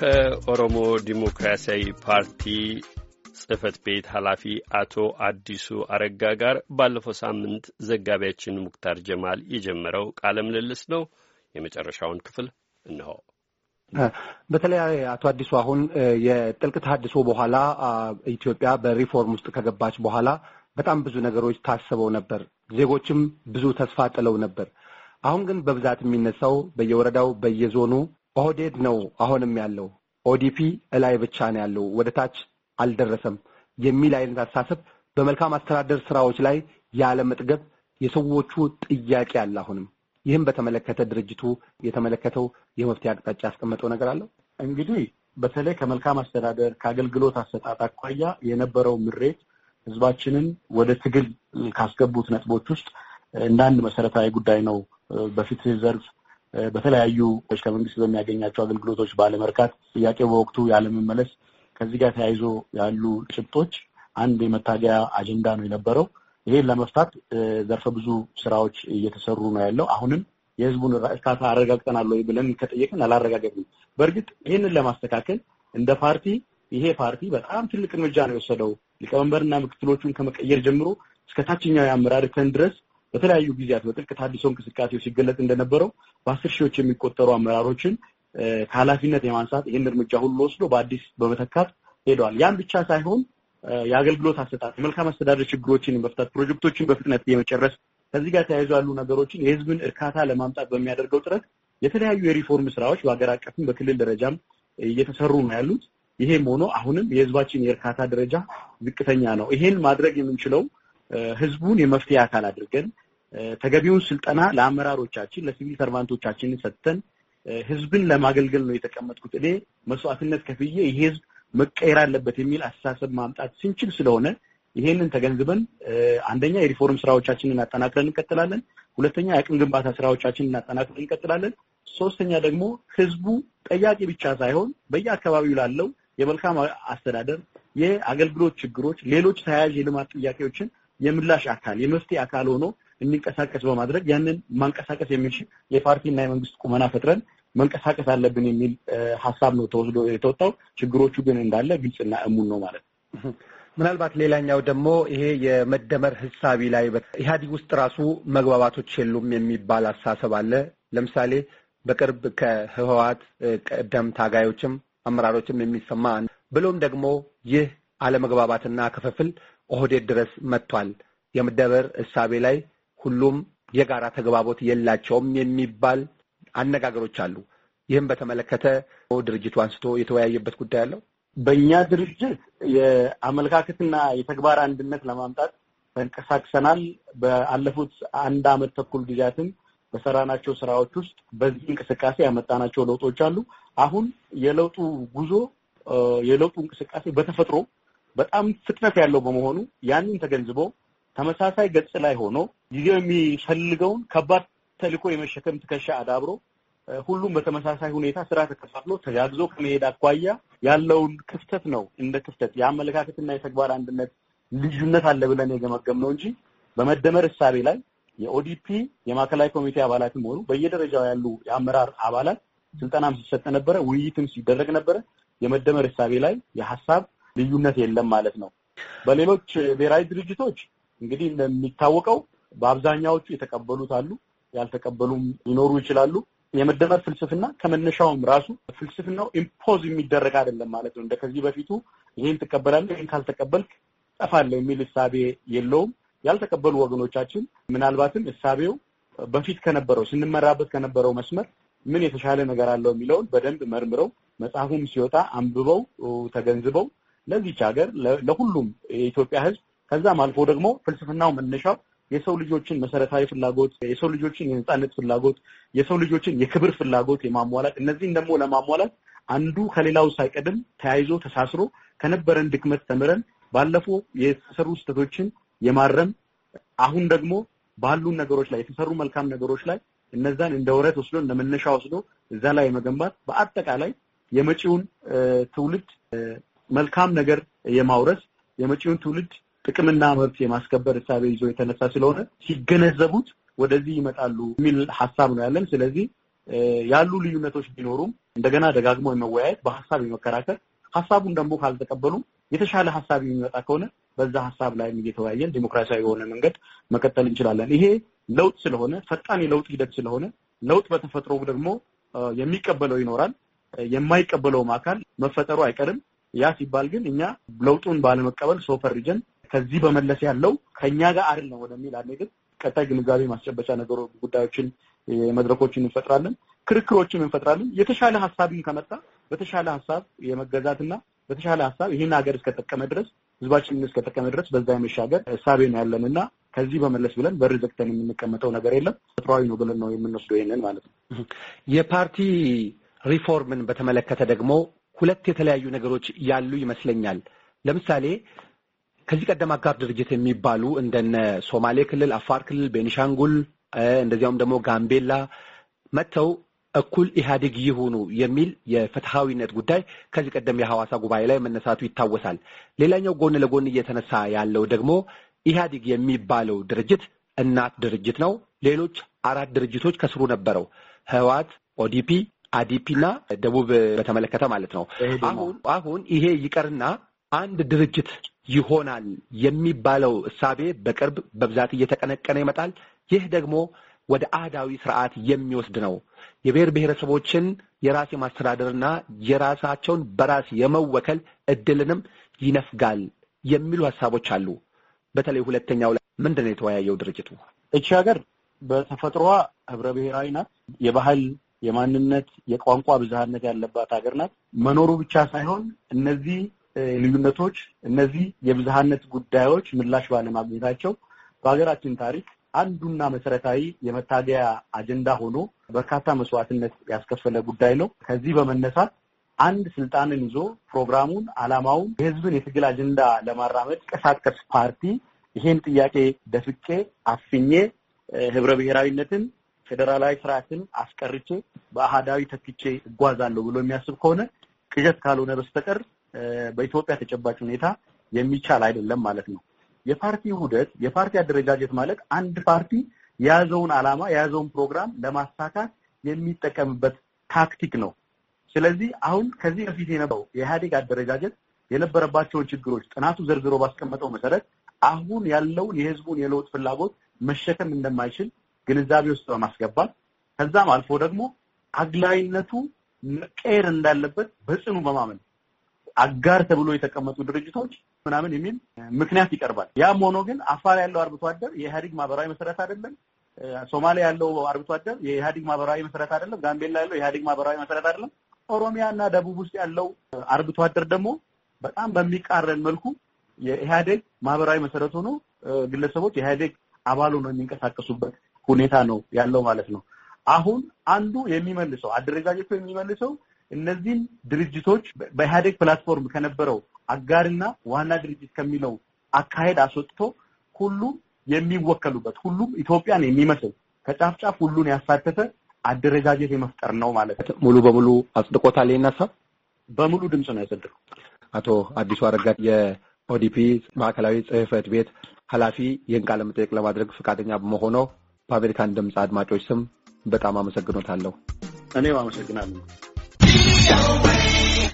ከኦሮሞ ዲሞክራሲያዊ ፓርቲ ጽህፈት ቤት ኃላፊ አቶ አዲሱ አረጋ ጋር ባለፈው ሳምንት ዘጋቢያችን ሙክታር ጀማል የጀመረው ቃለ ምልልስ ነው። የመጨረሻውን ክፍል እንሆ። በተለይ አቶ አዲሱ አሁን የጥልቅ ተሐድሶ በኋላ ኢትዮጵያ በሪፎርም ውስጥ ከገባች በኋላ በጣም ብዙ ነገሮች ታስበው ነበር። ዜጎችም ብዙ ተስፋ ጥለው ነበር። አሁን ግን በብዛት የሚነሳው በየወረዳው በየዞኑ ኦህዴድ ነው። አሁንም ያለው ኦዲፒ እላይ ብቻ ነው ያለው፣ ወደ ታች አልደረሰም የሚል አይነት አስተሳሰብ በመልካም አስተዳደር ስራዎች ላይ ያለ መጥገብ የሰዎቹ ጥያቄ አለ አሁንም። ይህም በተመለከተ ድርጅቱ የተመለከተው የመፍትሄ አቅጣጫ ያስቀመጠው ነገር አለው። እንግዲህ በተለይ ከመልካም አስተዳደር ከአገልግሎት አሰጣጥ አኳያ የነበረው ምሬት ህዝባችንን ወደ ትግል ካስገቡት ነጥቦች ውስጥ እንዳንድ መሰረታዊ ጉዳይ ነው በፊት ዘርፍ በተለያዩ ች ከመንግስት በሚያገኛቸው አገልግሎቶች ባለመርካት ጥያቄው በወቅቱ ያለመመለስ ከዚህ ጋር ተያይዞ ያሉ ጭብጦች አንድ የመታገያ አጀንዳ ነው የነበረው። ይሄን ለመፍታት ዘርፈ ብዙ ስራዎች እየተሰሩ ነው ያለው። አሁንም የህዝቡን እርካታ አረጋግጠናል ወይ ብለን ከጠየቅን አላረጋገጥንም። በእርግጥ ይህንን ለማስተካከል እንደ ፓርቲ ይሄ ፓርቲ በጣም ትልቅ እርምጃ ነው የወሰደው። ሊቀመንበርና ምክትሎቹን ከመቀየር ጀምሮ እስከ ታችኛው የአመራር እርከን ድረስ በተለያዩ ጊዜያት በጥልቅ ታዲሶ እንቅስቃሴው ሲገለጽ እንደነበረው በአስር ሺዎች የሚቆጠሩ አመራሮችን ከኃላፊነት የማንሳት ይህን እርምጃ ሁሉ ወስዶ በአዲስ በመተካት ሄደዋል። ያም ብቻ ሳይሆን የአገልግሎት አሰጣጥ፣ የመልካም አስተዳደር ችግሮችን የመፍታት ፕሮጀክቶችን በፍጥነት የመጨረስ ከዚህ ጋር ተያይዞ ያሉ ነገሮችን የህዝብን እርካታ ለማምጣት በሚያደርገው ጥረት የተለያዩ የሪፎርም ስራዎች በሀገር አቀፍም በክልል ደረጃም እየተሰሩ ነው ያሉት። ይሄም ሆኖ አሁንም የህዝባችን የእርካታ ደረጃ ዝቅተኛ ነው። ይሄን ማድረግ የምንችለው ህዝቡን የመፍትሄ አካል አድርገን ተገቢውን ስልጠና ለአመራሮቻችን ለሲቪል ሰርቫንቶቻችን ሰጥተን ህዝብን ለማገልገል ነው የተቀመጥኩት። እኔ መስዋዕትነት ከፍዬ ይህ ህዝብ መቀየር አለበት የሚል አስተሳሰብ ማምጣት ስንችል ስለሆነ ይሄንን ተገንዝበን አንደኛ የሪፎርም ስራዎቻችንን እናጠናክረን እንቀጥላለን። ሁለተኛ የአቅም ግንባታ ስራዎቻችንን እናጠናክረን እንቀጥላለን። ሶስተኛ ደግሞ ህዝቡ ጠያቂ ብቻ ሳይሆን በየአካባቢው ላለው የመልካም አስተዳደር የአገልግሎት ችግሮች፣ ሌሎች ተያያዥ የልማት ጥያቄዎችን የምላሽ አካል የመፍትሄ አካል ሆኖ እንዲንቀሳቀስ በማድረግ ያንን ማንቀሳቀስ የሚችል የፓርቲና የመንግስት ቁመና ፈጥረን መንቀሳቀስ አለብን የሚል ሀሳብ ነው ተወስዶ የተወጣው። ችግሮቹ ግን እንዳለ ግልጽና እሙን ነው ማለት ነው። ምናልባት ሌላኛው ደግሞ ይሄ የመደመር ህሳቢ ላይ ኢህአዲግ ውስጥ ራሱ መግባባቶች የሉም የሚባል አሳሰብ አለ። ለምሳሌ በቅርብ ከህወሓት ቀደም ታጋዮችም አመራሮችም የሚሰማ ብሎም ደግሞ ይህ አለመግባባትና ክፍፍል ኦህዴድ ድረስ መጥቷል። የመደመር እሳቤ ላይ ሁሉም የጋራ ተግባቦት የላቸውም የሚባል አነጋገሮች አሉ። ይህም በተመለከተ ድርጅቱ አንስቶ የተወያየበት ጉዳይ አለው። በእኛ ድርጅት የአመለካከትና የተግባር አንድነት ለማምጣት ተንቀሳቅሰናል። በአለፉት አንድ አመት ተኩል ጊዜያትም በሰራናቸው ስራዎች ውስጥ በዚህ እንቅስቃሴ ያመጣናቸው ለውጦች አሉ። አሁን የለውጡ ጉዞ የለውጡ እንቅስቃሴ በተፈጥሮ በጣም ፍጥነት ያለው በመሆኑ ያንን ተገንዝቦ ተመሳሳይ ገጽ ላይ ሆኖ ጊዜው የሚፈልገውን ከባድ ተልዕኮ የመሸከም ትከሻ አዳብሮ ሁሉም በተመሳሳይ ሁኔታ ስራ ተከፋፍሎ ተጋግዞ ከመሄድ አኳያ ያለውን ክፍተት ነው እንደ ክፍተት የአመለካከትና የተግባር አንድነት ልዩነት አለ ብለን የገመገም ነው እንጂ በመደመር እሳቤ ላይ የኦዲፒ የማዕከላዊ ኮሚቴ አባላትም ሆኑ በየደረጃው ያሉ የአመራር አባላት ስልጠናም ሲሰጥ ነበረ፣ ውይይትም ሲደረግ ነበረ። የመደመር እሳቤ ላይ የሀሳብ ልዩነት የለም ማለት ነው። በሌሎች ብሔራዊ ድርጅቶች እንግዲህ እንደሚታወቀው በአብዛኛዎቹ የተቀበሉት አሉ፣ ያልተቀበሉም ሊኖሩ ይችላሉ። የመደመር ፍልስፍና ከመነሻውም ራሱ ፍልስፍናው ኢምፖዝ የሚደረግ አይደለም ማለት ነው። እንደ ከዚህ በፊቱ ይህን ትቀበላለህ፣ ይህን ካልተቀበልክ ጠፋለህ የሚል እሳቤ የለውም። ያልተቀበሉ ወገኖቻችን ምናልባትም እሳቤው በፊት ከነበረው ስንመራበት ከነበረው መስመር ምን የተሻለ ነገር አለው የሚለውን በደንብ መርምረው መጽሐፉም ሲወጣ አንብበው ተገንዝበው ለዚች ሀገር ለሁሉም የኢትዮጵያ ሕዝብ ከዛም አልፎ ደግሞ ፍልስፍናው መነሻው የሰው ልጆችን መሰረታዊ ፍላጎት የሰው ልጆችን የነፃነት ፍላጎት የሰው ልጆችን የክብር ፍላጎት የማሟላት እነዚህን ደግሞ ለማሟላት አንዱ ከሌላው ሳይቀድም ተያይዞ ተሳስሮ ከነበረን ድክመት ተምረን ባለፉ የተሰሩ ስህተቶችን የማረም አሁን ደግሞ ባሉን ነገሮች ላይ የተሰሩ መልካም ነገሮች ላይ እነዛን እንደ ውረት ወስዶ እንደ መነሻ ወስዶ እዛ ላይ የመገንባት በአጠቃላይ የመጪውን ትውልድ መልካም ነገር የማውረስ የመጪውን ትውልድ ጥቅምና መብት የማስከበር እሳቤ ይዞ የተነሳ ስለሆነ ሲገነዘቡት ወደዚህ ይመጣሉ የሚል ሀሳብ ነው ያለን። ስለዚህ ያሉ ልዩነቶች ቢኖሩም እንደገና ደጋግሞ የመወያየት በሀሳብ የመከራከር ሀሳቡን ደግሞ ካልተቀበሉም የተሻለ ሀሳብ የሚመጣ ከሆነ በዛ ሀሳብ ላይ እየተወያየን ዲሞክራሲያዊ የሆነ መንገድ መቀጠል እንችላለን። ይሄ ለውጥ ስለሆነ ፈጣን የለውጥ ሂደት ስለሆነ ለውጥ በተፈጥሮ ደግሞ የሚቀበለው ይኖራል፣ የማይቀበለውም አካል መፈጠሩ አይቀርም። ያ ሲባል ግን እኛ ለውጡን ባለመቀበል ሶፈር ሪጅን ከዚህ በመለስ ያለው ከእኛ ጋር አይደለም ወደሚል አንሄድም። ቀጣይ ግንዛቤ ማስጨበጫ ነገሮ ጉዳዮችን መድረኮችን እንፈጥራለን፣ ክርክሮችን እንፈጥራለን። የተሻለ ሀሳብን ከመጣ በተሻለ ሀሳብ የመገዛትና በተሻለ ሀሳብ ይህን ሀገር እስከጠቀመ ድረስ ህዝባችንን እስከጠቀመ ድረስ በዛ የመሻገር እሳቤ ነው ያለን እና ከዚህ በመለስ ብለን በር ዘግተን የምንቀመጠው ነገር የለም። ተፈጥሯዊ ነው ብለን ነው የምንወስደው ይሄንን ማለት ነው። የፓርቲ ሪፎርምን በተመለከተ ደግሞ ሁለት የተለያዩ ነገሮች ያሉ ይመስለኛል። ለምሳሌ ከዚህ ቀደም አጋር ድርጅት የሚባሉ እንደነ ሶማሌ ክልል፣ አፋር ክልል፣ ቤኒሻንጉል እንደዚያውም ደግሞ ጋምቤላ መጥተው እኩል ኢህአዴግ ይሁኑ የሚል የፍትሐዊነት ጉዳይ ከዚህ ቀደም የሐዋሳ ጉባኤ ላይ መነሳቱ ይታወሳል። ሌላኛው ጎን ለጎን እየተነሳ ያለው ደግሞ ኢህአዴግ የሚባለው ድርጅት እናት ድርጅት ነው። ሌሎች አራት ድርጅቶች ከስሩ ነበረው፣ ህወሓት፣ ኦዲፒ፣ አዲፒና ደቡብ በተመለከተ ማለት ነው። አሁን አሁን ይሄ ይቀርና አንድ ድርጅት ይሆናል የሚባለው እሳቤ በቅርብ በብዛት እየተቀነቀነ ይመጣል። ይህ ደግሞ ወደ አህዳዊ ስርዓት የሚወስድ ነው። የብሔር ብሔረሰቦችን የራስ የማስተዳደርና የራሳቸውን በራስ የመወከል እድልንም ይነፍጋል የሚሉ ሀሳቦች አሉ። በተለይ ሁለተኛው ላይ ምንድን ነው የተወያየው ድርጅቱ? እቺ ሀገር በተፈጥሮዋ ህብረ ብሔራዊ ናት። የባህል የማንነት የቋንቋ ብዝሃነት ያለባት ሀገር ናት። መኖሩ ብቻ ሳይሆን እነዚህ ልዩነቶች፣ እነዚህ የብዝሃነት ጉዳዮች ምላሽ ባለማግኘታቸው በሀገራችን ታሪክ አንዱና መሰረታዊ የመታገያ አጀንዳ ሆኖ በርካታ መስዋዕትነት ያስከፈለ ጉዳይ ነው። ከዚህ በመነሳት አንድ ስልጣንን ይዞ ፕሮግራሙን፣ አላማውን የህዝብን የትግል አጀንዳ ለማራመድ ቀሳቀስ ፓርቲ ይሄን ጥያቄ ደፍቄ አፍኜ ህብረ ብሔራዊነትን ፌዴራላዊ ስርዓትን አስቀርቼ በአህዳዊ ተክቼ እጓዛለሁ ብሎ የሚያስብ ከሆነ ቅዠት ካልሆነ በስተቀር በኢትዮጵያ ተጨባጭ ሁኔታ የሚቻል አይደለም ማለት ነው። የፓርቲ ውህደት፣ የፓርቲ አደረጃጀት ማለት አንድ ፓርቲ የያዘውን ዓላማ የያዘውን ፕሮግራም ለማሳካት የሚጠቀምበት ታክቲክ ነው። ስለዚህ አሁን ከዚህ በፊት የነበረው የኢህአዴግ አደረጃጀት የነበረባቸውን ችግሮች ጥናቱ ዘርዝሮ ባስቀመጠው መሰረት አሁን ያለውን የህዝቡን የለውጥ ፍላጎት መሸከም እንደማይችል ግንዛቤ ውስጥ በማስገባት ከዛም አልፎ ደግሞ አግላይነቱ መቀየር እንዳለበት በጽኑ በማመን አጋር ተብሎ የተቀመጡ ድርጅቶች ምናምን የሚል ምክንያት ይቀርባል። ያም ሆኖ ግን አፋር ያለው አርብቶ አደር የኢህአዴግ ማህበራዊ መሰረት አይደለም። ሶማሊያ ያለው አርብቶ አደር የኢህአዴግ ማህበራዊ መሰረት አይደለም። ጋምቤላ ያለው የኢህአዴግ ማህበራዊ መሰረት አይደለም። ኦሮሚያ እና ደቡብ ውስጥ ያለው አርብቶ አደር ደግሞ በጣም በሚቃረን መልኩ የኢህአዴግ ማህበራዊ መሰረት ሆኖ ግለሰቦች የኢህአዴግ አባል ሆኖ የሚንቀሳቀሱበት ሁኔታ ነው ያለው ማለት ነው። አሁን አንዱ የሚመልሰው አደረጃጀቱ የሚመልሰው እነዚህን ድርጅቶች በኢህአዴግ ፕላትፎርም ከነበረው አጋርና ዋና ድርጅት ከሚለው አካሄድ አስወጥቶ ሁሉም የሚወከሉበት ሁሉም ኢትዮጵያን የሚመስል ከጫፍ ጫፍ ሁሉን ያሳተፈ አደረጃጀት የመፍጠር ነው ማለት ነው። ሙሉ በሙሉ አጽድቆታል። ይህን በሙሉ ድምፅ ነው ያጸደቀው። አቶ አዲሱ አረጋ የኦዲፒ ማዕከላዊ ጽህፈት ቤት ኃላፊ ይህን ቃለ መጠየቅ ለማድረግ ፈቃደኛ በመሆኑ በአሜሪካን ድምፅ አድማጮች ስም በጣም አመሰግኖታለሁ። እኔም አመሰግናለሁ።